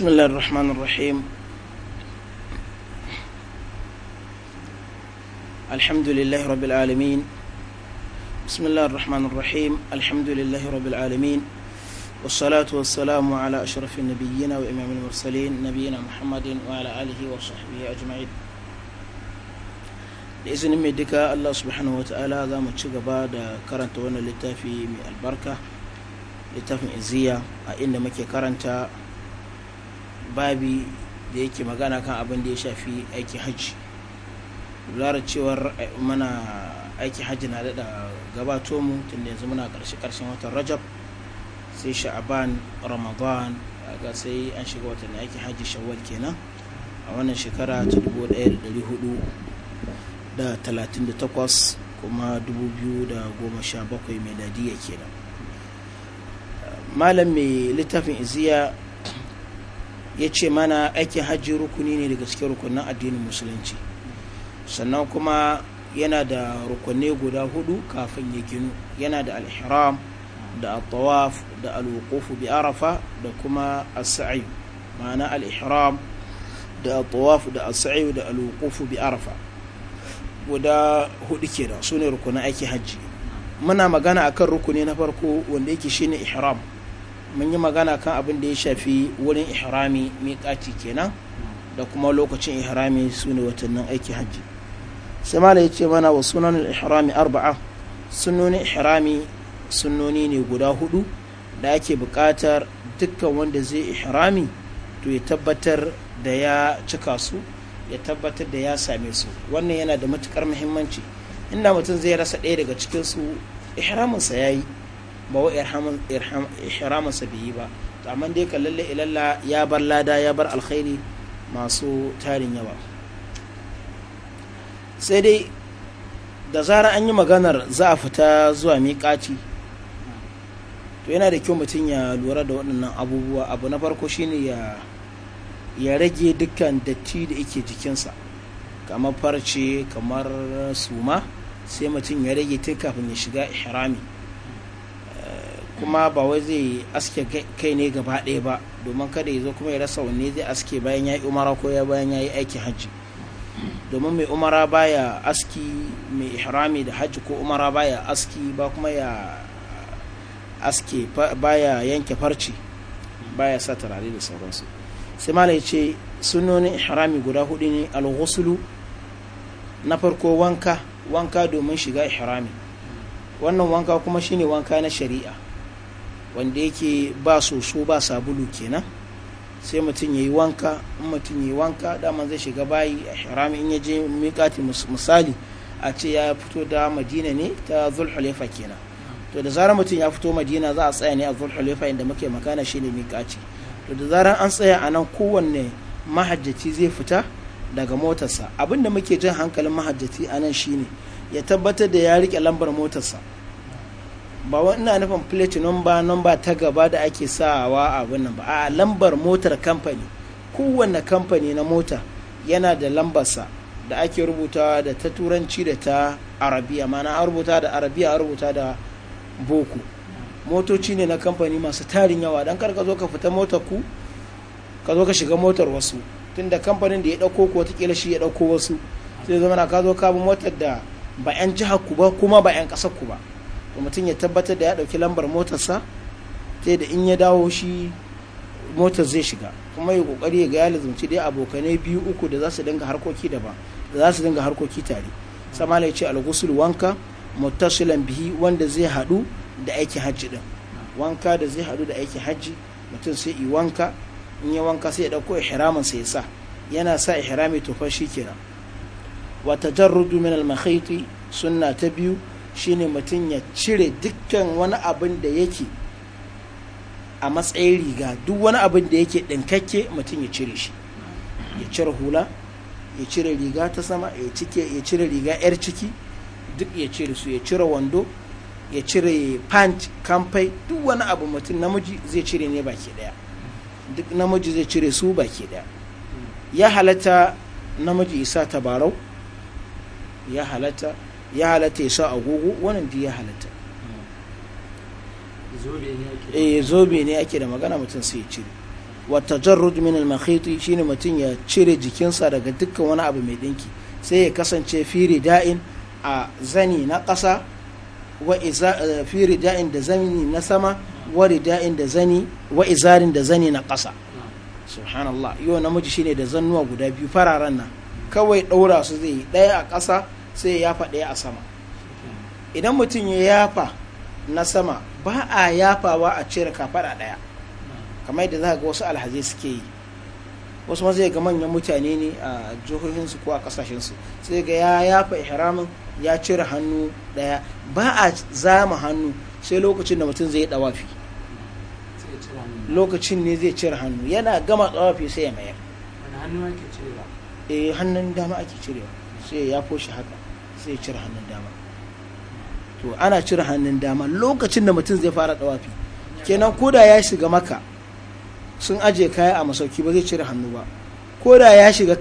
بسم الله الرحمن الرحيم الحمد لله رب العالمين بسم الله الرحمن الرحيم الحمد لله رب العالمين والصلاة والسلام على أشرف النبيين وإمام المرسلين نبينا محمد وعلى آله وصحبه أجمعين بإذن مدك الله سبحانه وتعالى ذا متشقبا دا كرنت وانا لتافي البركة لتافي إزيا إن مكي كرنت babi da yake magana kan abin da ya shafi aiki hajji lura cewar eh, mana aiki hajji na daɗa gabato mu tun yanzu muna ƙarshe ƙarshen watan rajab sai sha'aban ramadan ga sai an shiga watan aiki hajji shawwal kenan a wannan shekara ta da takwas. kuma da goma sha 2017 meladiya kenan malam mai littafin iziya ya ce mana aikin hajji rukuni ne daga cikin rukunin addinin musulunci sannan kuma yana da rukunne guda hudu kafin ya ginu yana da alhiram da al-tawaf da al-wuqufu bi arafa da kuma as-sa'i ma'ana al-ihram da al-tawaf da as-sa'i da al-wuqufu bi arafa guda hudu kenan sune rukunin aikin hajji muna magana akan rukuni na farko wanda yake shine ihram mun yi magana kan abin da ya shafi wurin ihrami miƙaci kenan da kuma lokacin ihrami su ne watannin aiki hajji sai mala ya ce mana wa sunan ihrami arba'a sunonin ihrami sunoni ne guda hudu da ake buƙatar dukkan wanda zai ihrami to ya tabbatar da ya cika su ya tabbatar da ya same su wannan yana da matukar muhimmanci inda mutum zai rasa ɗaya daga cikinsu su ihraminsa ya yi ba wa ihramin sa bai yi ba to amma dai lalle ilalla ya bar lada ya bar alkhairi masu tarin yawa sai dai da zara an yi maganar za a fita zuwa miƙaci to yana da kyau mutum ya lura da waɗannan abubuwa abu na farko shine ya ya rage dukkan datti da yake jikinsa kamar farce kamar suma sai mutum ya rage ta kafin ya shiga ihrami kuma ba wai zai aske kai ne gaba ɗaya ba domin kada ya zo kuma ya rasa wanne zai aske bayan ya yi umara ko ya bayan ya yi aikin hajji domin mai umara baya aski mai ihrami da hajji ko umara baya aski ba kuma ya aske baya yanke farci baya sa turare da sauransu sai mala ya ce sunonin ihrami guda hudu ne al na farko wanka wanka domin shiga ihrami wannan wanka kuma shine wanka na shari'a wanda yake ba soso ba sabulu kenan sai mutum ya yi wanka in mutum ya yi wanka daman zai shiga bayi a harami in ya je miƙati misali a ce ya fito da madina ne ta zulhulefa kenan to da zarar mutum ya fito madina za a tsaya ne a zulhulefa inda muke makana shi ne miƙati to da zarar an tsaya a nan kowanne mahajjaci zai fita daga motarsa abinda muke jan hankalin mahajjaci a nan shine ya tabbatar da ya riƙe lambar motarsa ba wa ina nufin plate number number ta gaba da ake sawa a nan ba a lambar motar kamfani kowanne kamfani na mota yana da lambarsa da ake rubuta da ta turanci da ta arabiya mana an rubuta da arabiya an rubuta da boko motoci ne na kamfani masu tarin yawa don kar ka zo ka fita motar ku ka zo ka shiga motar wasu tunda kamfanin da ya dauko ko watakila shi ya dauko wasu sai zama na ka zo ka bi motar da ba 'yan jihar ku ba kuma ba 'yan ƙasar ku ba to mutum ya tabbatar da ya ɗauki lambar motarsa sai da in ya dawo shi motar zai shiga kuma ya kokari ya ga ya lazumci dai abokanai biyu uku da za su dinga harkoki daban da za su dinga harkoki tare sama ya ce alghusl wanka muttasilan bihi wanda zai hadu da aikin hajji din wanka da zai hadu da aikin hajji mutum sai yi wanka in ya wanka sai ya dauko ihiramin sai ya sa yana sa ihrami to fa shikenan wa tajarrudu min al-makhiti sunna ta biyu shine mutum ya cire dukkan wani abin da yake a matsayin riga duk wani abin da yake ɗinkakke mutum ya cire shi ya cire hula ya cire riga ta sama ya cire riga yar ciki duk ya cire su ya cire wando ya cire pant kamfai duk wani abu mutum namiji zai cire ne baki daya duk namiji zai cire su baki daya ya halatta namiji isa tabarau ya halatta ya halatta ya sa agogo wannan duk ya halatta eh zobe ne ake da magana mutum sai ya cire wata jarrud min al-makhiti shine mutum ya cire jikinsa daga dukkan wani abu mai dinki sai ya kasance firi da'in a zani na ƙasa wa eh, firi da'in da zani na sama wa rida'in da zani wa izarin da zani na ƙasa subhanallah yau namiji shine da zannuwa guda biyu fararen nan kawai ɗaura su zai yi ɗaya a ƙasa sai yafa ɗaya a sama idan mutum ya yafa na sama ba a yafawa a cire kafaɗa ɗaya kamar yadda za ga wasu alhazai suke yi wasu ma zai ga manyan mutane ne a jihohinsu ko a kasashensu sai ga ya yafa ihramin ya cire hannu ɗaya ba a zama hannu sai lokacin da mutum zai dawafi lokacin ne zai cire hannu yana gama dawafi sai ya mayar eh hannun dama ake cirewa sai ya yafo haka sai cire hannun dama to ana cire hannun dama lokacin da mutum zai fara dawafi kenan koda ya shiga maka sun aje kaya a masauki ba zai cire hannu ba koda ya shiga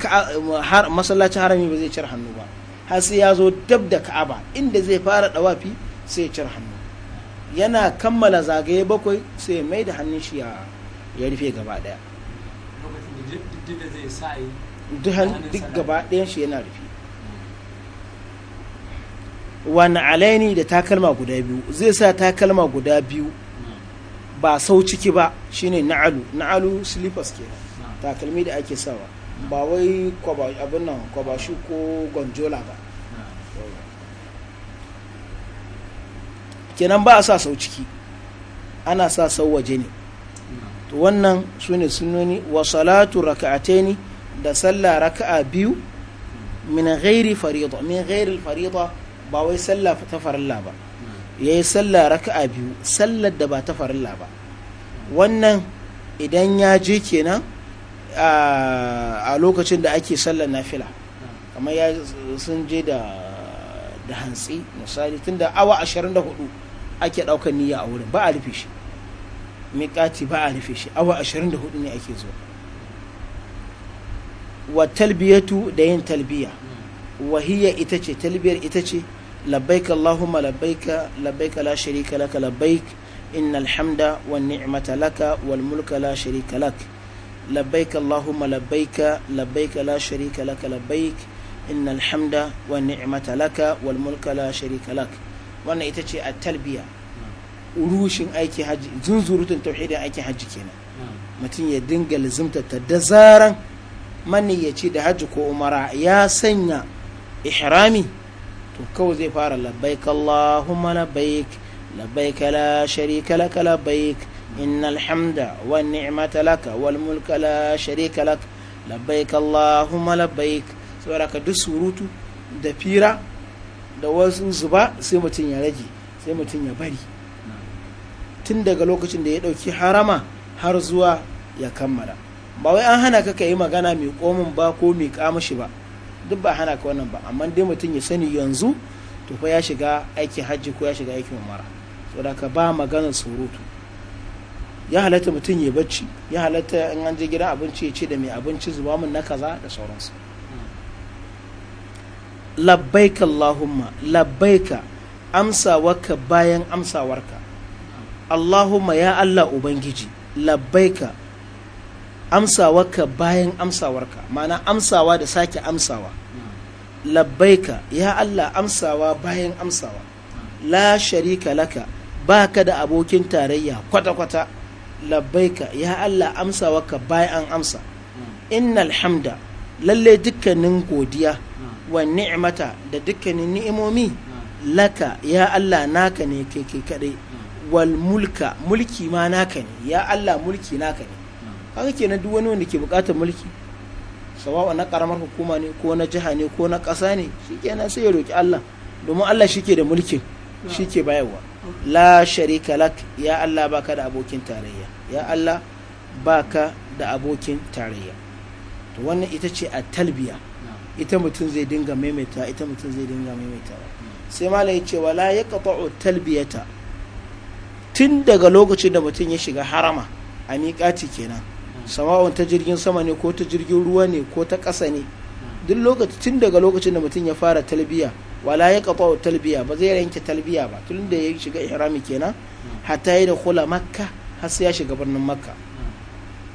masallacin harami ba zai cire hannu ba har sai ya zo dab da ka'aba inda zai fara dawafi sai ya cire hannu yana kammala zagaye bakwai sai ya mai da hannun shi ya rufe gaba daya duk gaba ɗayan shi yana rufe wani alaini da takalma guda biyu zai sa takalma guda biyu ba sau ciki ba shine na'alu na'alu slippers ke takalmi da ake sawa ba wai abin nan ko gonjola ba kenan ba a sa sau ciki ana sa sau waje ne to wannan su ne sunoni wa salatu ne da sallah raka'a biyu min gairi fariɗa min farida ba wai sallah ta farilla ba ya yi sallah raka'a biyu sallar da ba ta farilla ba wannan idan ya je kenan a lokacin da ake sallar nafila kamar ya sun je da da hantsi misali da awa 24 ake ɗaukar niyya a wurin ba a rufe shi miƙati ba a rufe shi awa 24 ne ake zuwa wa talbiyatu da yin talbiya wahiya ita ce talbiyar ita ce labbaik Allahumma labbaik labbaik la sharika laka labbaik innal hamda wan ni'mata laka wal mulka la sharika lak labbaik Allahumma labbaik labbaik la sharika laka labbaik innal hamda wan ni'mata laka wal mulka la sharika lak wannan ita ce a talbiya rushin aiki haji zunzurutun tauhidin aiki hajji kenan mutum ya dinga lizimta ta da zaran maniyyaci da hajji ko umara ya sanya ihrami to kawai zai fara labbaik Allahumma labbaik labbaik la sharika lak labbaik innal hamda wan ni'mata lak wal mulka la sharika lak labbaik Allahumma labbaik saboda ka duk surutu da fira da wasu zuba sai mutum ya rage sai mutum ya bari tun daga lokacin da ya dauki harama har zuwa ya kammala ba wai an hana ka ka yi magana mai komin ba ko mai kamashi ba duk ba hana ka wannan ba amma dai mutum ya sani yanzu to fa ya shiga aikin hajji ko ya shiga aikin umara da ka ba maganar surutu ya halatta mutum ya bacci ya halatta in an je gidan abinci ya ce da mai abinci zuba min na kaza da sauransu labbaika allahumma labbaika amsawarka bayan amsawarka allahumma ya allah ubangiji labbaika amsawarka bayan amsawarka ma'ana amsawa da sake amsawa labbaika ya Allah amsawa bayan amsawa la sharika laka baka da abokin tarayya kwata-kwata labbaika ya Allah amsawa ka bayan amsa innal hamda lalle dukkanin godiya wa ni'mata da dukkanin ni'imomi laka ya Allah naka ne ke ke kaɗai wal mulka mulki ma naka ne ya Allah mulki naka ne haka kenan duk wani wanda ke bukatar mulki sawawa na karamar hukuma ne ko na jiha ne ko na ƙasa ne shi nan sai ya roƙi Allah domin Allah shi ke da mulkin ke bayarwa la sharika lak ya Allah baka da abokin tarayya ya Allah baka da abokin tarayya to wannan ita ce a talbiya ita mutum zai dinga maimaita ita mutum zai dinga maimaita sai mala ya ce wala ya qata'u talbiyata tun daga lokacin da mutum ya shiga harama a miƙati kenan sama'un ta jirgin sama ne ko ta jirgin ruwa ne ko ta ƙasa ne duk lokaci tun daga lokacin da mutum ya fara talbiya wala ya kafa talbiya ba zai yanke talbiya ba tun da ya shiga ihrami kenan hatta ya da kula makka har sai ya shiga birnin makka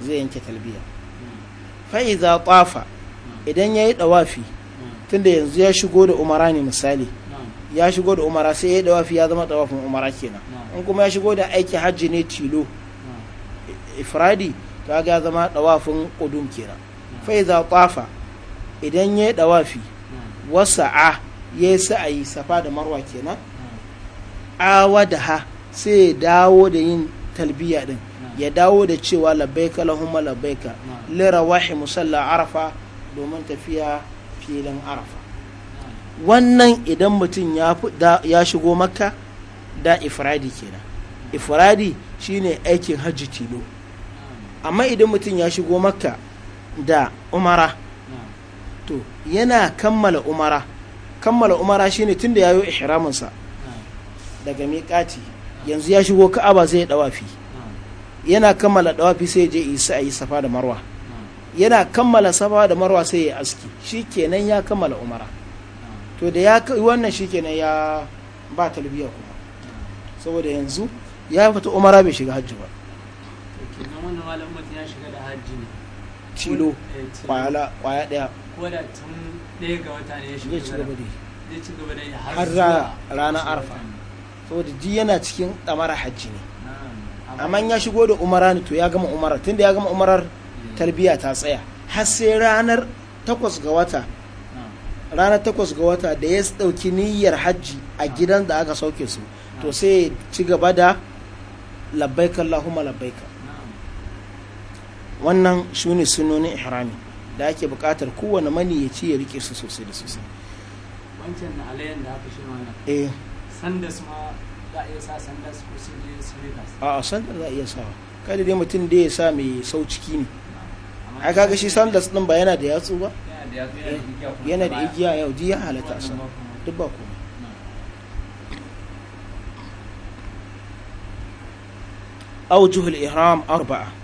zai yanke talbiya fa'iza ƙwafa idan ya yi ɗawafi da yanzu ya shigo da umara ne misali ya shigo da umara sai ya yi ɗawafi ya zama ɗawafin umara kenan in kuma ya shigo da aiki hajji ne tilo ifradi ga zama dawafin ƙudun kenan faiza za tafa idan yi dawafi wasa'a yayi sa'ayi safa da marwa kenan awadaha sai ya dawo da yin talbiya din ya dawo da cewa labbaika lahumma labbaika wahi musalla arafa domin tafiya filin arafa wannan idan mutum ya shigo makka da ifradi kenan ifradi shine aikin hajji tilo amma idan mutum ya shigo makka da umara to yana kammala umara kammala umara shine tunda ya yi ihraminsa daga miƙati yanzu ya shigo ka'aba zai yi dawafi yana kammala dawafi sai je isa a yi safa da marwa yana kammala safa da marwa sai ya aski shikenan ya kammala umara to da ya kai wannan shikenan ya ba talbiya kuma saboda yanzu ya fita umara bai shiga hajji ba kowane malam eh, kwaya daya ko da tun arfa ji yana cikin ɗamara hajji ne amma ya shigo da umara ne to ya gama umarar da ya gama umarar tarbiya ta tsaya har sai ranar takwas ga wata da ya ɗauki niyyar hajji a gidan da aka sauke su to sai ci gaba da labbaika Allahumma labbaika wannan su ne sunonin ihrami da ake buƙatar kowane mani ya rike su sosai da sosai wancan na alayan da aka shirya wannan eh sandas ma za a iya sa sandas ko su je sneakers a'a sandas za a iya sa kada dai mutum da ya sa mai sau ciki ne a kaga shi sandas din ba yana da yatsu ba yana da eh, igiya yau ji ya halatta sa duk ba kuma. au juhul ihram arba'a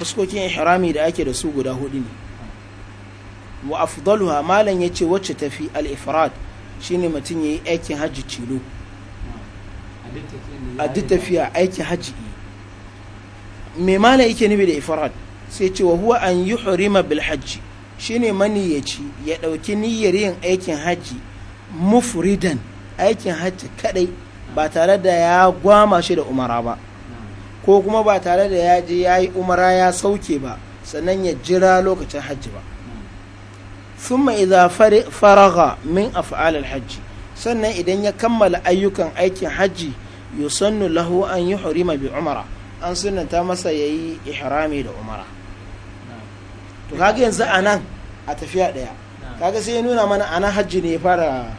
fuskokin ihrami da ake da su guda hudu ne wa afdaluha malam yace wacce tafi al-ifrad shine mutum yayi aikin hajji cilo a duk tafiya aikin hajji me malam yake nufi da ifrad sai ce wa huwa an yuhrima bil hajji shine maniyaci ya dauki niyyar yin aikin haji mufridan aikin haji kadai ba tare da ya gwama shi da umara ba ko kuma ba tare da ya je ya yi umara ya sauke ba sannan ya jira lokacin hajji ba thumma idza faraga min af'al hajji sannan idan ya kammala ayyukan aikin hajji yusannu lahu an hurima bi umara an sunanta masa yayi ihrami da umara to kaga yanzu anan a tafiya daya kaga sai ya nuna mana anan hajji ne ya fara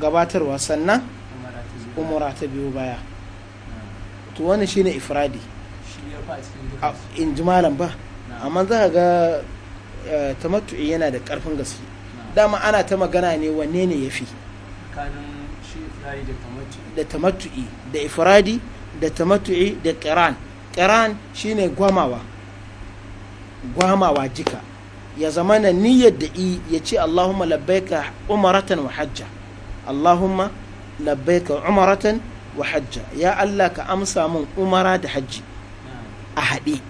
gabatarwa sannan umara ta biyu baya to wannan shine ifradi in ji malam ba amma za ka ga eh, tamattu'i yana da karfin gaske dama ana ta magana ne wanne ne ya fi da tamattu'i da ifradi da tamattu'i da kiran kiran shine gwamawa gwamawa jika ya zama na niyyar da i ya ce allahumma labbaika umaratan wa hajja allahumma labbaika umaratan wa hajja ya Allah ka amsa min umara da hajji a haɗe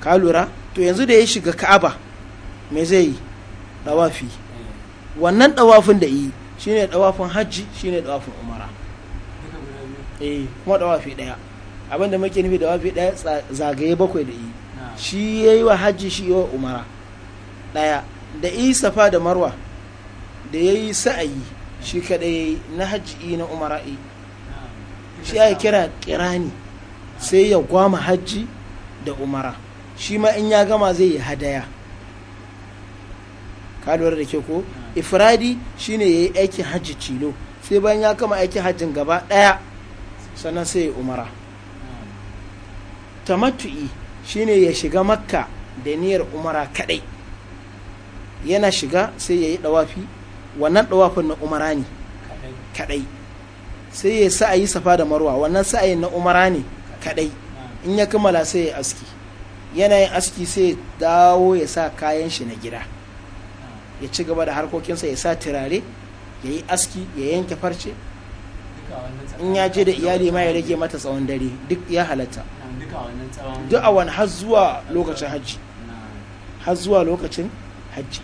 ka lura to yanzu da ya shiga ka'aba me zai yi ɗawafi wannan ɗawafin da yi shine ɗawafin hajji shine ɗawafin umara eh kuma ɗawafi ɗaya abinda muke nufi ɗawafi ɗaya zagaye bakwai da yi shi ya yi wa hajji shi yi wa umara ɗaya da yi safa da marwa da ya yi sa'ayi shi kaɗai na hajji na umara'i shi ya kira kirani sai ya gwama hajji da umara shi ma in ya gama zai yi hadaya Kaluwar da ke ko ifradi shine ya yi aikin hajji cilo sai bayan ya kama aikin hajjin gaba ɗaya sannan sai ya umara tamattu'i shine ya shiga makka da niyyar umara kadai yana shiga sai ya yi dawafi wannan dawafin na umara ne kadai sai ya sa'ayi safa da marwa wannan sa'ayin na umara ne kadai in ya kammala sai ya aski yanayin aski sai ya dawo ya sa kayan shi na gida ya ci gaba da harkokinsa ya sa turare ya yi aski ya yanke farce in ya je da iyali ma ya rage mata tsawon dare duk ya halatta duk a wani har zuwa lokacin hajji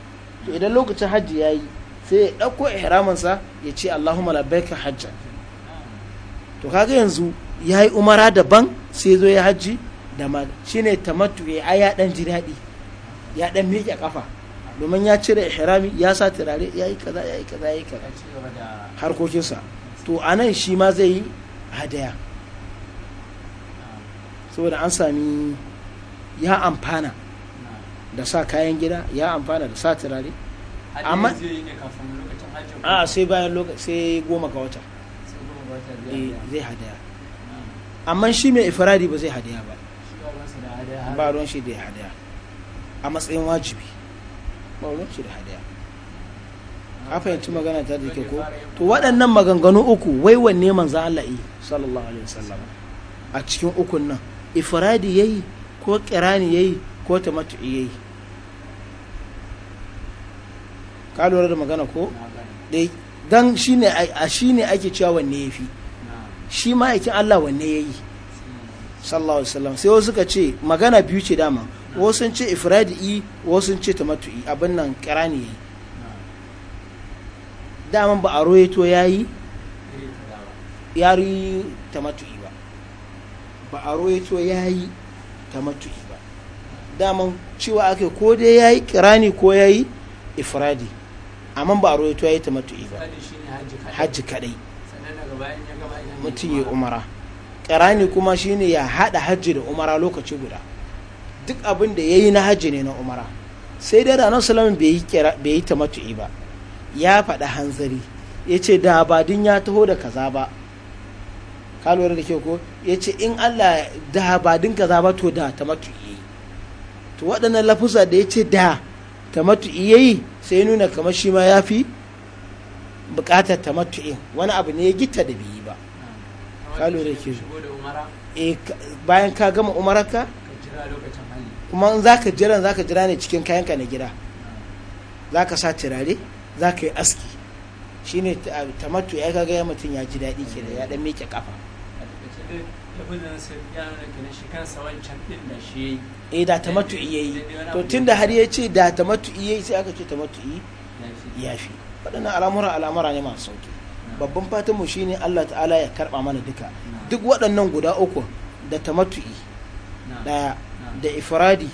to idan lokacin hajji ya yi sai ya ɗauko ihraminsa ya ce allahumma labbaika hajjan to kaga yanzu ya yi umara daban sai zo ya hajji da ma shine tamattu ya eh, ya dan ji daɗi ya dan miƙe kafa domin ya cire ihrami ya sa turare ya yi kaza ya yi kaza ya yi kaza harkokinsa to a nan shi ma zai yi hadaya saboda an sami ya amfana da sa kayan gida ya amfana da sa turare amma a sai bayan lokaci sai goma ga wata Eh, zai hadaya amma shi mai ifiradi ba zai hadaya ba ba ruwan shi da ya hadaya a matsayin wajibi ba ruwan shi da hadaya a fahimci magana ta da ke ko to waɗannan maganganu uku wai wanne manzan Allah yi sallallahu alaihi wasallam a cikin ukun nan ifradi yayi ko kirani yayi ko tamattu yayi ka lura da magana ko dai dan shine a shine ake cewa wanne yafi fi shi ma'aikin Allah wanne ya yi sallallahu alaihi wasallam sai wasu suka ce magana biyu ce dama wasu sun ce ifradi wasu sun ce tamattu'i abin nan kirani yi daman ba a ya yi ya yi yari tamattu'i ba ba a ya yi yayi tamattu'i ba daman cewa ake ko dai ya kira kirani ko ya yi ifradi amma ba a yi yayi tamattu'i ba hajji kadai sannan daga bayan ya gama mutum ya umara ƙirani kuma shine ya haɗa hajji da umara lokaci guda duk abin da ya yi na hajji ne na umara sai dai da nan bai yi ta matu'i ba ya faɗa hanzari ya ce da badin ya taho da kaza ba ka lura da ke ko ya ce in allah da badin kaza ba to da ta matu'i to waɗannan lafuza da ya ce da ta matu'i ya yi sai nuna kamar shi ma ya fi buƙatar ta matu'i wani abu ne ya gita da bai ba ka lura ke eh, bayan ka gama umaraka kuma in zaka jira ka jira ne cikin kayanka na gida za ka sa turare ka yi aski shi ta tamattu ya gaga ya mutum ya ji daɗi ke da ya ɗan miƙe kafa e eh, da tamattu iya yi to da har ya ce da tamattu iya yi sai aka ce tamattu yi iya fi waɗannan al'amura al'amura ne masu sauki babban fatan mu shine Allah ta'ala ya karba mana duka duk waɗannan guda uku da tamatu'i daya da ifradi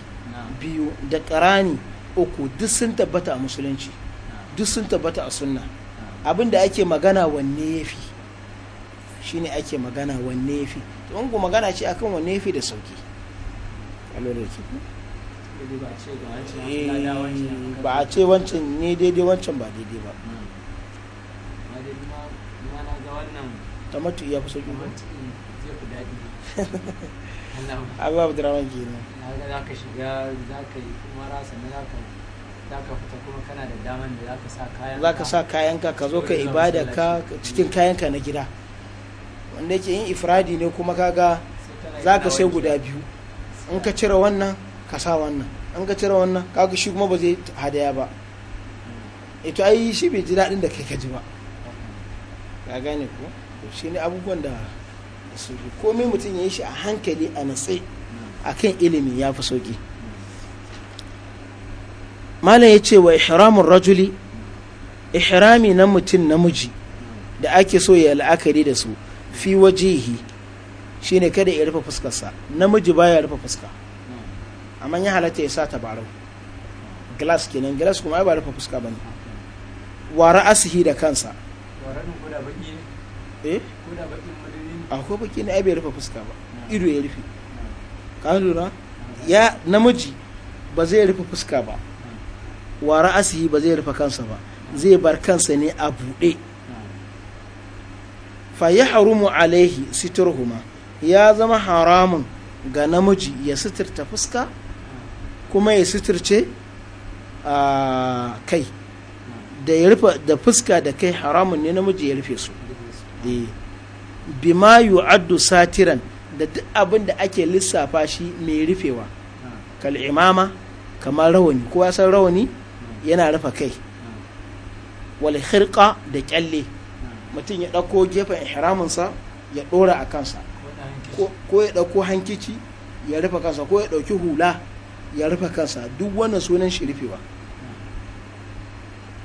biyu da karani uku duk sun tabbata a musulunci duk sun tabbata a sunna abin da ake magana wanne yafi shine ake magana wanne yafi to in magana ce akan wanne yafi da sauki ba a ce wancan eh, ne daidai wancan ba daidai ba tamattu iya ba eh, abu ne za ka shiga za ka yi za ka za ka fita kuma kana da daman da za ka sa kayan za ka sa kayanka ka zo ka ibada ka cikin na gida wanda yake yin ifradi ne kuma kaga za ka sai guda biyu in ka cire wannan ka wannan an ka cire wannan kaga shi kuma ba zai hadaya ba ito hmm. eh, ai shi bai ji daɗin da kai ka ji ba hmm. ka gane ko shi ne abubuwan da su komai mutum ya yi shi a hankali a natse a kan ilimi ya fi sauki malam ya ce wa ihramun rajuli ihrami na mutum namiji da ake so ya la'akari da su fi wajihi shine kada ya rufe fuskarsa namiji baya rufe fuska amma ya halatta ya sa tabarau glass kenan glass kuma ba rufe fuska ba ne. wa ra'asihi da kansa eh akwai baki ne ai bai rufe fuska ba ido ya rufe ka lura ya namiji ba zai rufe fuska ba wa ra'asihi ba zai rufe kansa ba zai bar kansa ne a buɗe fa ya harumu alaihi siturhuma ya zama haramun ga namiji ya suturta fuska kuma ya suturce a kai da ya rufe da fuska da kai haramun ne namiji ya rufe su e bima addu satiran da duk abin da ake lissafa shi mai rufewa kal imama kamar rawani kowa san rawani yana rufe kai wal khirqa da kyalle mutum ya ɗauko gefen ihraminsa ya ɗora a kansa ko ya ɗauko hankici ya rufe kansa ko ya ɗauki hula ya rufe kansa duk wannan sunan shi rufewa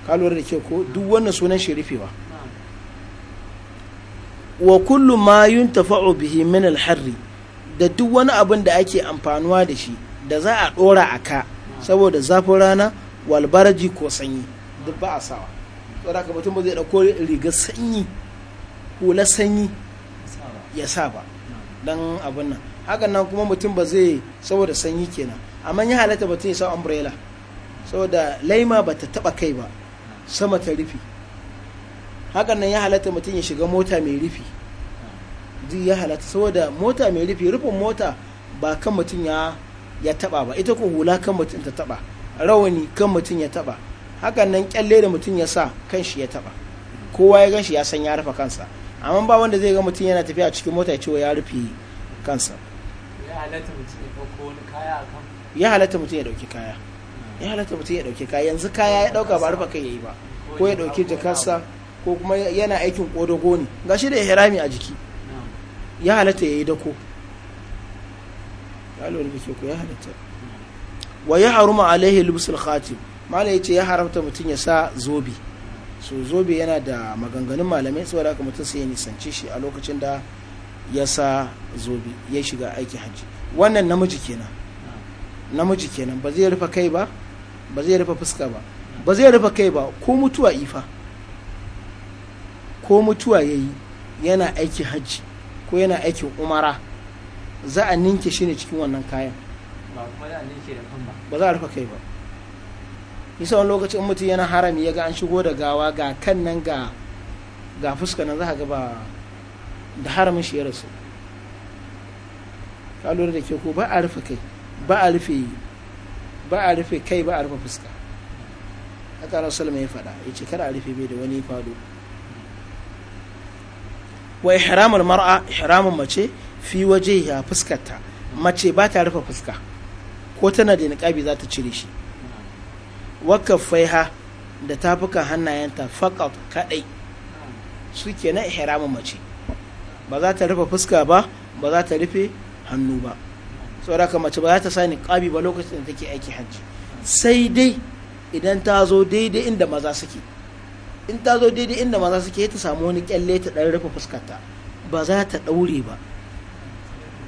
ka da ke ko duk wannan sunan shi wa kullum ma yuntafa'u bihi min alharri da duk wani abin da ake amfanuwa da shi da za a dora a ka saboda zafin rana walbaraji ko sanyi duk ba a sawa saboda haka mutum ba zai dauko riga sanyi hula sanyi ya sa ba dan abin nan hakan nan kuma mutum ba zai saboda sanyi kenan amma ya halatta mutum ya sa umbrella saboda laima ba ta taba kai ba sama ta rufe hakan nan ya halatta mutum ya shiga mota mai rufi duk ya halatta saboda mota mai rufi rufin mota ba kan mutum ya ya taba ba ita ko hula kan mutum ta taba rawani kan mutum ya taba hakan nan kyalle da mutum ya sa kan shi ya taba kowa ya ganshi ya san ya rufe kansa amma ba wanda zai ga mutum yana tafiya a cikin mota ya ce ya rufe kansa ya halatta mutum ya kaya ya halatta mutum ya dauki kaya ya halatta mutum ya dauki kaya yanzu kaya ya dauka ba rufe kai yayi ba ko ya dauki jakarsa ko kuma yana aikin kodogo ne ga shi da ihrami a jiki ya halatta ya yi dako ya lura da ko ya halatta wa ya haruma alaihi lubusul khatim mala ya ce ya haramta mutum ya sa zobe so zobe yana da maganganun malamai saboda aka mutum sai ya nisance shi a lokacin da ya sa zobe ya shiga aiki hajji wannan namiji kenan namiji kenan ba zai rufe kai ba ba zai rufe fuska ba ba zai rufe kai ba ko mutuwa ifa ko mutuwa ya yi yana aiki hajji ko yana aikin umara za a ninke shi ne cikin wannan kayan ba za a rufe kai ba nisa wani lokacin mutum yana harami ya ga an shigo da gawa ga kan nan ga ga fuska nan za a gaba da haramin shi ya rasu ka lura da ke ko ba a rufe kai ba a rufe ba a rufe kai ba a rufe fuska haka rasul mai faɗa ya ce kada a rufe bai da wani fado wa ihramul mar'a ihramun mace fi waje ya fuskarta mace ba ta rufe fuska ko tana da niqabi za ta cire shi kaffaiha da tafukan hannayenta faqat kadai suke na ihramun mace ba za ta rufe fuska ba ba za ta rufe hannu ba saboda mace ba za ta sa niqabi ba lokacin da take aiki hajji sai dai idan ta zo daidai inda maza suke in ta zo daidai inda maza suke ta samu wani kyalle ta dan rufe fuskarta ba za ta daure ba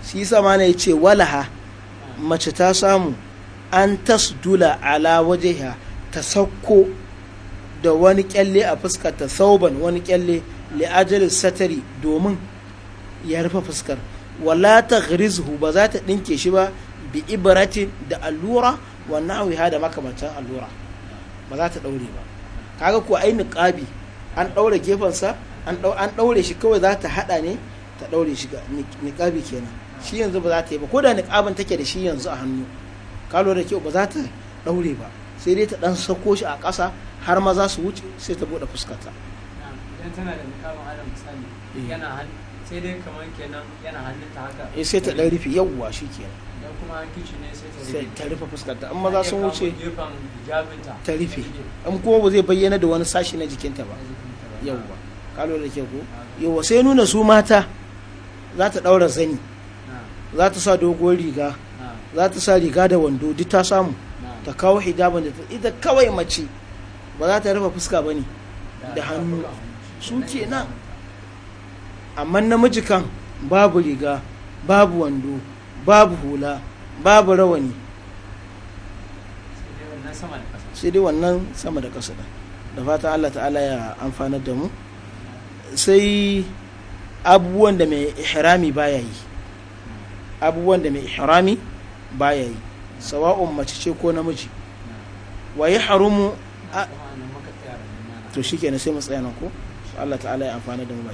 shi sama ne ce walaha mace ta samu an tasdula ala wajeha ta sauko da wani kyalle a fuskarta sauban wani kyalle li'ajalin satari domin ya rufe fuskar wala ta grizhu ba za ta ɗinke shi ba bi ibratin da allura wa nahwiha da makamantan allura ba za ta ɗaure ba kaga ko ai niqabi an daure gefensa an daure shi kawai za ta hada ne ta daure shi ga niqabi kenan shi yanzu ba za ta yi ba ko da niqabin take da shi yanzu a hannu ka lura kyau ba za ta daure ba sai dai ta dan sako shi a ƙasa har ma za su wuce sai ta bude fuskarta idan tana da niqabin alal misali eh. yana hannu sai dai kamar kenan yana hannunta haka eh sai ta dan rufe yawwa shikenan kuma ne sai ta rufe fuskarta an maza sun wuce ta rufe an kuma ba zai bayyana da wani sashi na jikinta ba yawwa kalo da ke ko yawwa sai nuna su mata za ta daura zani za ta sa dogon riga za ta sa riga da wando duk ta samu ta kawo hijabin da ita kawai mace ba za ta rufe fuska ba ne da hannu su ke nan amma namiji kan babu riga babu wando babu hula babu rawani sai dai wannan sama da kasa da fatan allah ta'ala ya amfanar da mu sai abubuwan da mai ihrami baya yi abubuwan da mai ihrami baya yi sawa'un mace ce ko namiji waye harumu a to shi kenan sai mu tsaya ko Allah ta'ala ya amfana da mu